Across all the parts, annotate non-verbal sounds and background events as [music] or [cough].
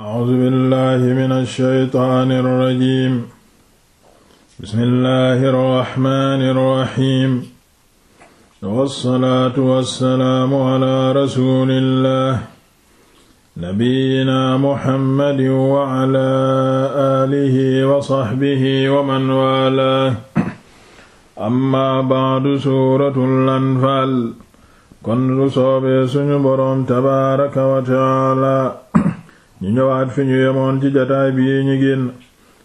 A'uuzu billaahi mina shaytaani rajiim. Bismillaahi rahmaani rahiim. Wassalaatu wassalaamu alaa rasuulillaah. Nabiyyinaa Muhammadin wa alaa aalihi wa sahbihi wa man waalaah. Ammaa ba'du suuratul Anfaal. Kon lu soobee suñu boroom tabaaraka wa ta'aala. ñu ñëwaat fi ñu yemoon ci jataay bi ñu génn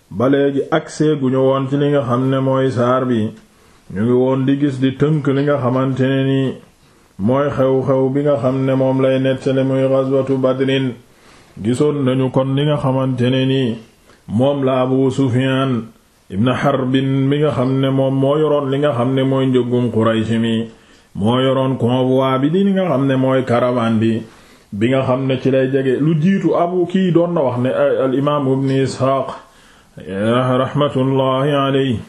ba léegi agsee gu ñu woon ci li nga xam ne mooy saar bi ñu ngi woon di gis di tënk li nga xamante ne nii mooy xew-xew bi nga xam ne moom lay nettali muy ghazwatu badrin gisoon nañu kon li nga xamante ne nii moom la abu sufiyaan ibn harbin bi nga xam ne moom moo yoroon li nga xam ne mooy njëggum quraysh mi moo yoroon convoi bi di li nga xam ne mooy caravane bi bi nga xam ne ci lay jege lu jiitu abu kii doon na wax ne al imaam ibn isxaaq rahmatullahi alayhi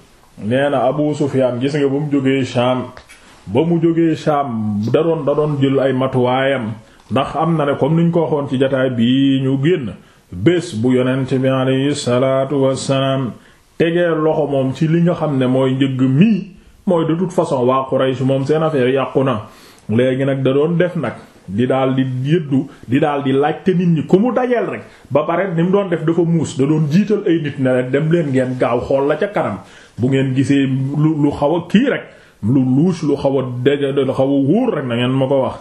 nee na abu sufyaan gis nga ba mu jógee shaam ba mu jógee shaam da doon da doon jël ay matuwaayam ndax am na ne comme niñ ko waxoon ci jataay bii ñu génn bés bu yonent bi alayhi salaatu wassalaam tegee loxo moom ci li nga xam ne mooy njëgg mii mooy de toute façon waa Quraysh moom seen affaire yàqu na léegi nag da doon def nag di daal di yëddu di daal di laajte nit ñi ku mu dajeel rek ba pare ni mu doon def dafa muus da doon jiital ay nit ne leen dem leen ngeen gaaw xool la ca kanam bu ngeen gisee lu lu xaw a kii rek lu luus lu xaw a dëgg lu xaw wuur rek na ngeen ma ko wax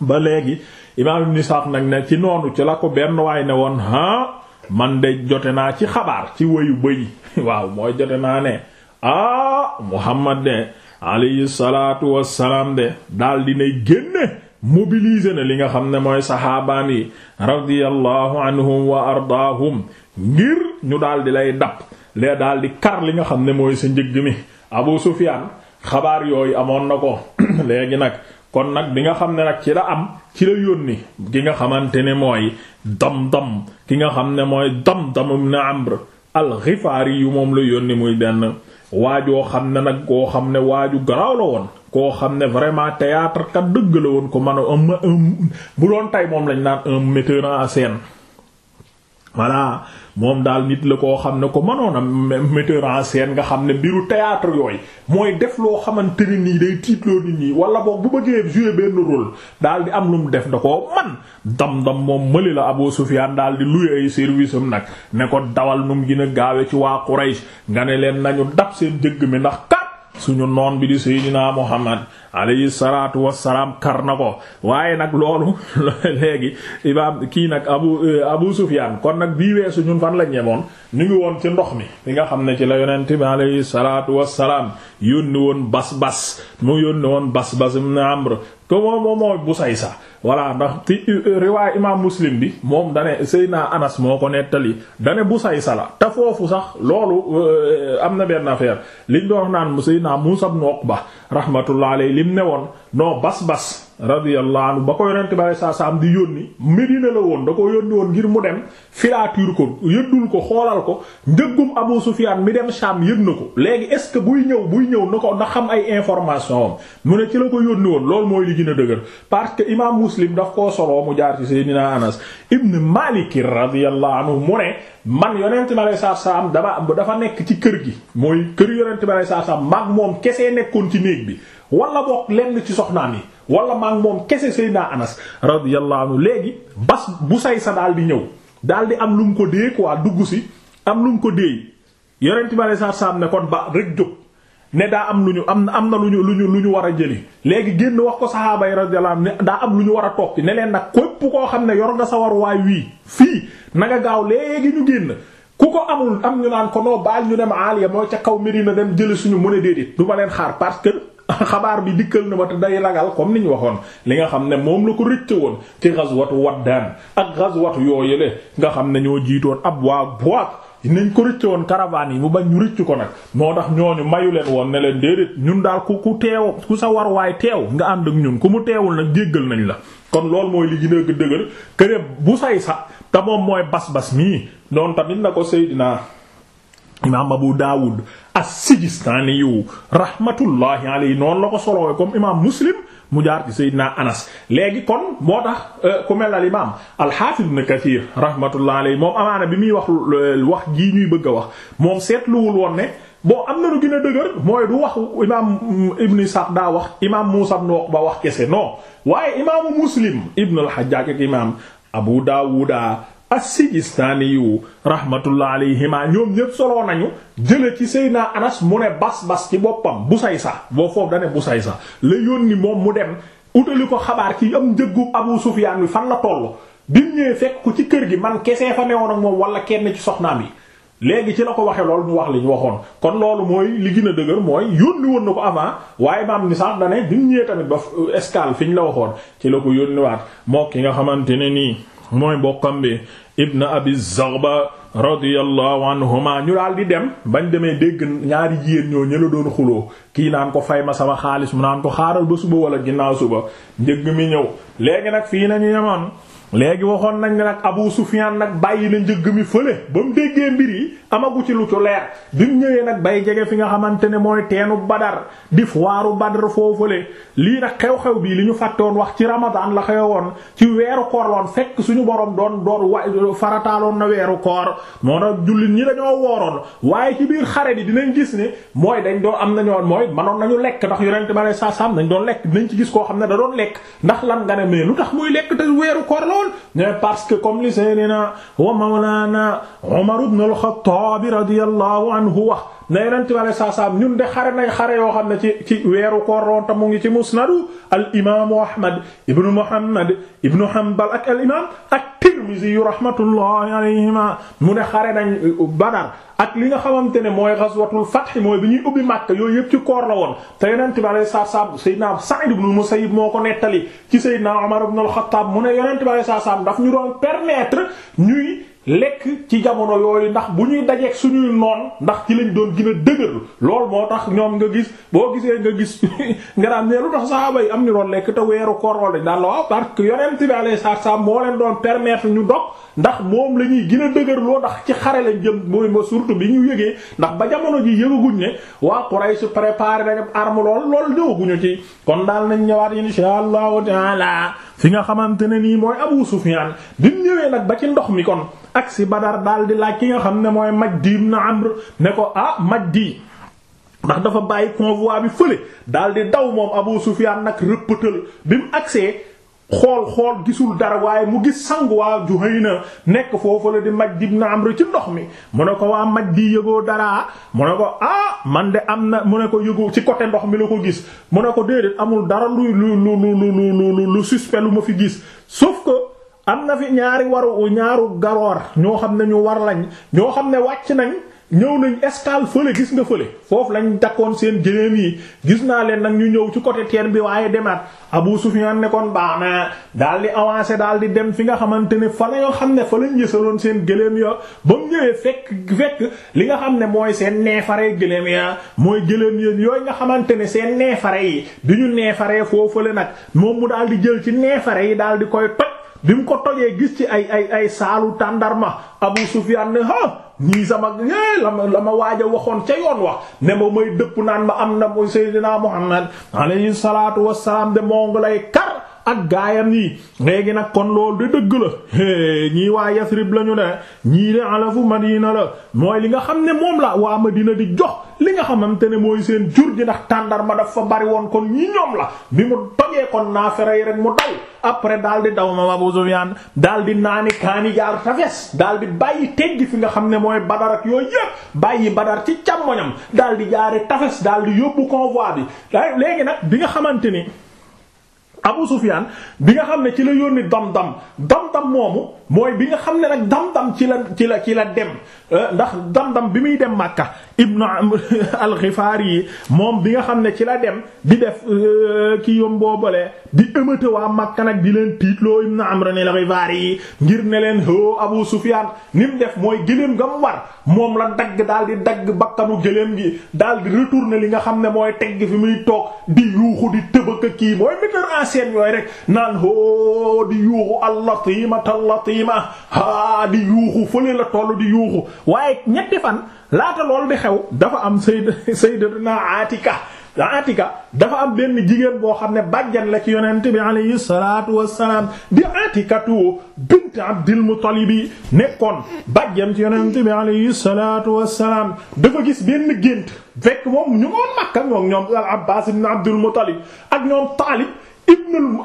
ba léegi imaam ibn Sa'd nag ne ci noonu ci la ko benn waay ne woon ha man de jote naa ci xabaar ci wéyu bëy [laughs] waaw mooy jote naa ne ah Muhammad de alayhi salaatu wassalaam de daal dinay génne mobiliser na li nga xam ne mooy saxaabaan yi radiyallahu anhum wa ardaahum ngir ñu daal di lay dab lee daal di kar li nga xam ne mooy sa njëgg mi Abu Sufyaan xabaar yooyu amoon na ko [clears throat] léegi nag kon nag bi nga xam ne nag ci la am ci la yónni ki nga xamante ne mooy Damdam ki nga xam ne mooy Damdam ibn Amr al-Ghifari yu moom la yónni muy benn waajoo xam ne nag koo xam ne waaju garaaw la woon koo xam ne vraiment théâtre kat dëgg la woon ko mën a un um, um, bu doon tey moom lañ naan un metteur en scène moom daal nit la koo xam ne ko mënoon a metteur en scène nga xam ne mbiru théâtre yooy mooy def loo xamante ne nii day tiitloo nit ñi wala boog bu bëggee jouer benn rôle daal di am lu mu def da koo man dam-dam moom mëli la aboo Sufyaan daal di luye ay service am nag ne ko dawal nu mu a gaawe ci waa Quraysh nga ne leen nañu dab seen jëgg mi ndax suñu noon bi di Seydina Muhammad alayhi salaatu wassalaam kar na ko waaye nag loolu [laughs] léegi imaam kii nag abu eh, abu Sufyaan kon nag bii weesu ñun fan la ñemoon ñu ngi woon ci ndox mi li nga xam ne ci la yonent bi alayhi salaatu wassalaam yónni woon bas bas mu yónni woon bas bas ibn Amr que moom moom mooy Busaysa voilà ndax ci euh, riwaay imaam Muslim bi moom dane naa Anas moo ko nettali dane sa la te foofu sax loolu euh, am na benn affaire liñ doon naan Seydina Muusaa ibn Uqba rahmatullah alayhi lim ne woon non bas bas. radiyallahu anhu ba ko yonent bi saa saa am di yónni Medina la woon da ko yónni woon ngir mu dem filature ko yëddul ko xoolal ko njëggum Abu Sufyaan mi dem Sham yëg na ko léegi est-ce que buy ñëw buy ñëw na ko na xam ay information mu ne ci la ko yónni woon loolu mooy li gën dëgër parce que imaam Muslim daf koo soloo mu jaar ci Seydina Anas ibn Maalik radiyallahu anhu mu ne man yonent bi saa saa am dama dafa nekk ci kër gi mooy kër yonent bi saa moom kese nekkoon ci néeg bi wala boog lenn ci soxnaam yi. wala maa moom kese Seydina Anas radiyallahu anhu léegi bas bu say sa daal di ñëw daal di am lu mu ko dee quoi dugg si am lu mu ko dee yorenti ba saa saam ne kon ba rek jóg ne daa am lu ñu am am na lu ñu lu ñu lu ñu war a jëli léegi génn wax ko saxaaba yi radiyallahu anhu ne daa am lu ñu war a toppi ne leen nag képp koo xam ne yor nga sa war waay wii fii na nga gaaw léegi ñu génn. ku ko amul am ñu naan ko noo baal ñu dem aaliya mooy ca kaw Medina dem jëli suñu mën a déedéet du leen xaar parce que xabaar bi dikkal na ma te day ragal comme ni ñu waxoon li nga xam ne moom la ko rëcce woon ci ghazwatu Waddaan ak ghazwatu yooyale nga xam ne ñoo jiitoon ab waa boak nañ ko rëcc woon caravane yi mu bañ ñu rëcc ko nag moo tax ñoo ñooñu mayu leen woon ne leen déedéet ñun daal ku ku teew ku sa war waay teew nga ànd ak ñun ku mu teewul nag jéggal nañu la kon loolu mooy li gën a dëgër këre bu say sa te moom mooy bas-bas mii noonu tamit na ko Seydina imaam Abu Dawud as-Sijistaani yu rahmatullahi alayhi noonu la ko solowee comme imaam Muslim mu jaar ci Seydina Anas léegi kon moo tax euh, ku mel al imaam al-Hafiz Ibn Kathir rahmatullahi alayhi moom amaana bi muy wax wax jii ñuy bëgg a wax moom seetluwul woon ne bon am na lu gën dëgër mooy du wax imaam Ibn Sa'd daa wax imaam Muusaa ibn Uqba wax kese non waaye imaamu Muslim Ibn al-Hajjaj ak imaam Abu Dawuda as-Sijistaani yu rahmatullah alayhima ñoom ñépp soloo nañu jële ci Seydina Anas mu ne bas-bas ci boppam sax boo foofu dane Busaysa la yónni moom mu dem utali ko xabaar ci am njëggu Abu Sufyaan wi fan la tollu bi fekk ko ci kër gi man kese fa newoon ak moom wala kenn ci soxnaam yi léegi ci la ko waxee loolu mu wax li ñu waxoon kon loolu mooy li gën dëgër mooy yónni woon na ko avant waaye maam ni sax dane bi mu ñëwee tamit ba escale fi ñu la waxoon ci la ko yónniwaat moo ki nga xamante ne nii mooy mbokkam bi ibn abi zaghba radiyallahu anhuma ñu daal di dem bañ demee dégg ñaari jigéen ñoo ñëla doon xuloo kii naan ko fay ma sama xaalis mu naan ko xaaral ba suba wala ginnaaw suba njëgg mi ñëw léegi nag fii nañu yemoon léegi waxoon nañ ne nag Abu Sufyan nag bàyyi na njëgg mi fële ba mu déggee mbir yi amagu ci lu ci leer bi mu ñëwee nag bay jege fi nga xamante ne mooy teenu Badar di waaru Badar foofale lii nag xew-xew bii li ñu fàttewoon wax ci Ramadan la woon ci weeru koor loon fekk suñu borom doon doon wa farataaloon na weeru koor moo tax jullit ñi dañoo wooroon waaye ci biir xare bi dinañ gis ni mooy dañ doon am na nañoon mooy manoon nañu lekk ndax yonent ma ne sa sam dañ doon lekk dinañ ci gis koo xam ne da doon lekk ndax lan nga ne mais lu yaqul ne parce que comme li sayyidina wa mawlana Umar ibn al-Khattab radiyallahu anhu wax na yonente bi alei saa salaam ñun de xare nañ xare yoo xam ne ci ci weeru koor loonta mu ngi ci musnadu al imaamu Ahmad ibnu Muhammad ibnu Hanbal ak al imaam ak Tirmizi yu rahmatullahi alayhima mu ne xare nañ euh, Badar ak li nga xamante ne mooy ghazwatul fath mooy bi ñuy ubbi Makka yooyu yëpp ci koor la woon te yonent bi alayhi salaatu salaam Seydina Sa'id moo ko nettali ci Seydina Umar ibn al-Khattab mu ne yonent bi alayhi salaatu daf ñu doon permettre ñuy lekk ci jamono yooyu ndax bu ñuy dajeek suñuy noon ndax ci lañ doon gën a dëgër lool moo tax ñoom nga gis boo gisee nga gis [laughs] nga naan ne tax saxaaba yi am ñu doon lekk te weeru koor lañ daan parce que yonent bi alayhi salaam moo leen doon permettre ñu dog ndax moom la ñuy gën a dëgër loo ndax ci xare lañ jëm mooy ma surtout bi ñu yëgee ndax ba jamono ji yëgaguñ ne waa su préparé dañu arme lool lool ñëwaguñu ci kon daal nañ ñëwaat insha Allahu taala fi nga xamante ne nii mooy Abu Sufyan bi mu ñëwee nag ba ci ndox mi kon ak si Badar daal di laaj ki nga xam ne mooy Majdi ibn Amr ne ko ah di ndax dafa bàyyi convoi bi fële daal di daw moom Abu Sufyan nag rëppatal bi mu agsee xool xool gisul dara waaye mu gis sangu waa na nekk foofu la di Majd ibn Amr ci ndox mi mu ne ko waa Majd di yëgoo dara mu ne ko ah man de am na mu ne ko yëgoo ci côté ndox mi la ko gis mu ne ko déedéet amul dara lu lu lu lu lu lu suspect lu ma fi gis sauf que am na fi ñaari waru ñaaru garoor ñoo xam ne ñu war lañ ñoo xam ne wàcc nañ. ñëw nañ escale fële gis nga fële foofu lañ takkoon seen jëneem yi gis naa leen nag ñu ñëw ci côté terre bi waaye demaat Abu Sufyan ne baax naa daal di avancé daal di dem fi nga xamante ne fa la yoo xam ne fa lañ yësaloon seen gëléem ya ba mu ñëwee fekk fekk li nga xam ne mooy seen neefaree gëléem ya mooy gëléem yéen yooyu nga xamante ne seen neefare yi du ñu neefare foofule nag moom mu daal di jël ci neefare yi daal di koy toj bi mu ko tojee gis ci ay ay ay saalu tàndarma Abu Sufyan ne ha ñii sama é eh, la ma la ma waaj a waxoon ca yoon wax ne ma may dëpp naan ma am na Seydina Muhammad alayhi salaatu wassalaam de moo ngi lay ak gaayam yi léegi nag kon loolu de dëgg la ñii waa Yasrib la ñu ne ñii de alafu Madina la mooy li nga xam ne moom la waa Madina di jox li nga xamante ne mooy seen jur ji ndax tàndarma dafa bari woon kon ñi ñoom la bi mu dogee kon naafere yi rek mu daw après daal di daw ma Abu Sufyaan daal di naani kaani jaar tafes daal di bàyyi teggi fi nga xam ne mooy Badar ak yooyu yëpp bàyyi Badar ci càmmoñam daal di jaare tafes daal di yóbbu convoi bi bi nga xamante ni Abu Sufyan bi nga xam ne ci la yónni dam-dam dam-dam moomu mooy bi nga xam ne nag dam-dam ci la ci la ci la dem euh, ndax dam-dam bi muy dem Makka ibnu amr [laughs] alxifaari yi moom bi nga xam ne ci la dem di def euh, ki yom boobale di ëmate waa Makka nag di leen tiitloo ibnu amr ni alxifaari yi ngir ne leen ho Abu Sufyaan ni mu def mooy gëléem nga mu war moom la dagg daal di dagg bakkanu gëléem gi daal di retourner li nga xam ne mooy tegg fi muy toog di yuuxu di tëbëk kii mooy metteur en scène yooyu rek naan ho di yuuxu allatimata allatima ha di yuuxu fële la tollu di yuuxu waaye ñetti fan laata lool di xew dafa am seyd sayyidatuna Atika Atika dafa am benn jigéen boo xam ne bàjjan la ci yonent bi alayhi salaatu wassalaam di Atikatu bint Abdil Muttalib nekkoon bàjjan ci yonent bi alayhi salaatu wassalaam dafa gis benn gént fekk moom ñu ngoon Makka ñoom ñoom al Abbaas ibn Abdul ak ñoom Taalib ibn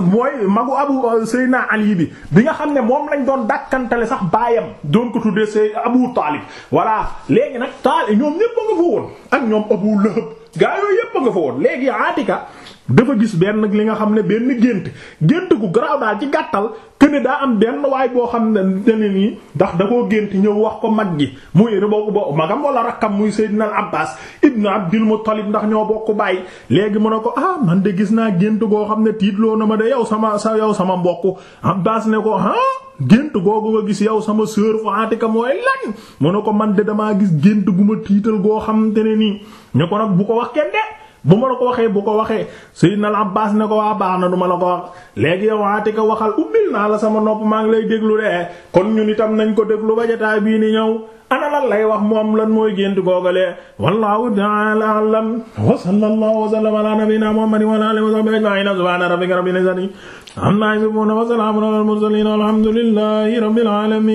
mooy magu abu euh, Seydina Ali bi bi nga xam ne moom lañ doon dakkantale sax baayam doon ko tuddee say Abu Taalib voilà léegi nag taal ñoom ñépp a nga woon ak ñoom Abu Lahab gaa yooyu yépp a nga fa woon léegi Aatika dafa gis benn li nga xam ne benn gént gént gu garaaw daal ci gàttal que daa am benn waay boo xam ne nii ndax da koo gént ñëw wax ko mag gi mu bokk bo magam wala rakkam muy Seydina Abbas ibn Abdul Muttalib ndax ñoo bokk bàyyi léegi mu ne ko ah man de gis naa gént goo xam ne tiitloo na ma de yow sama sa yow sama mbokk Abbas ne ko ah gént googu nga gis yow sama sœur Faatika mooy lan mu ne ko man de damaa gis gént gu ma tiital goo xam ne nii ñu ko nag bu ko wax kenn de bu ma la ko waxee bu ko waxee Sayyidina Abbaas na ko waa baax na du ma la ko wax léegi yow waate ko waxal ubbil naa la sama nopp maa ngi lay déglu de kon ñun tam nañ ko déglu ba jotaay bii ni ñëw ana lan lay wax moom lan mooy gént googale wallahu ta'ala a'lam wa sallallahu wa sallama ala nabiyyina muhammadin wa ala alihi wa na ajma'in subhana rabbika rabbil izzati amma yasifun wa salamun ala al mursalin walhamdulillahi rabbil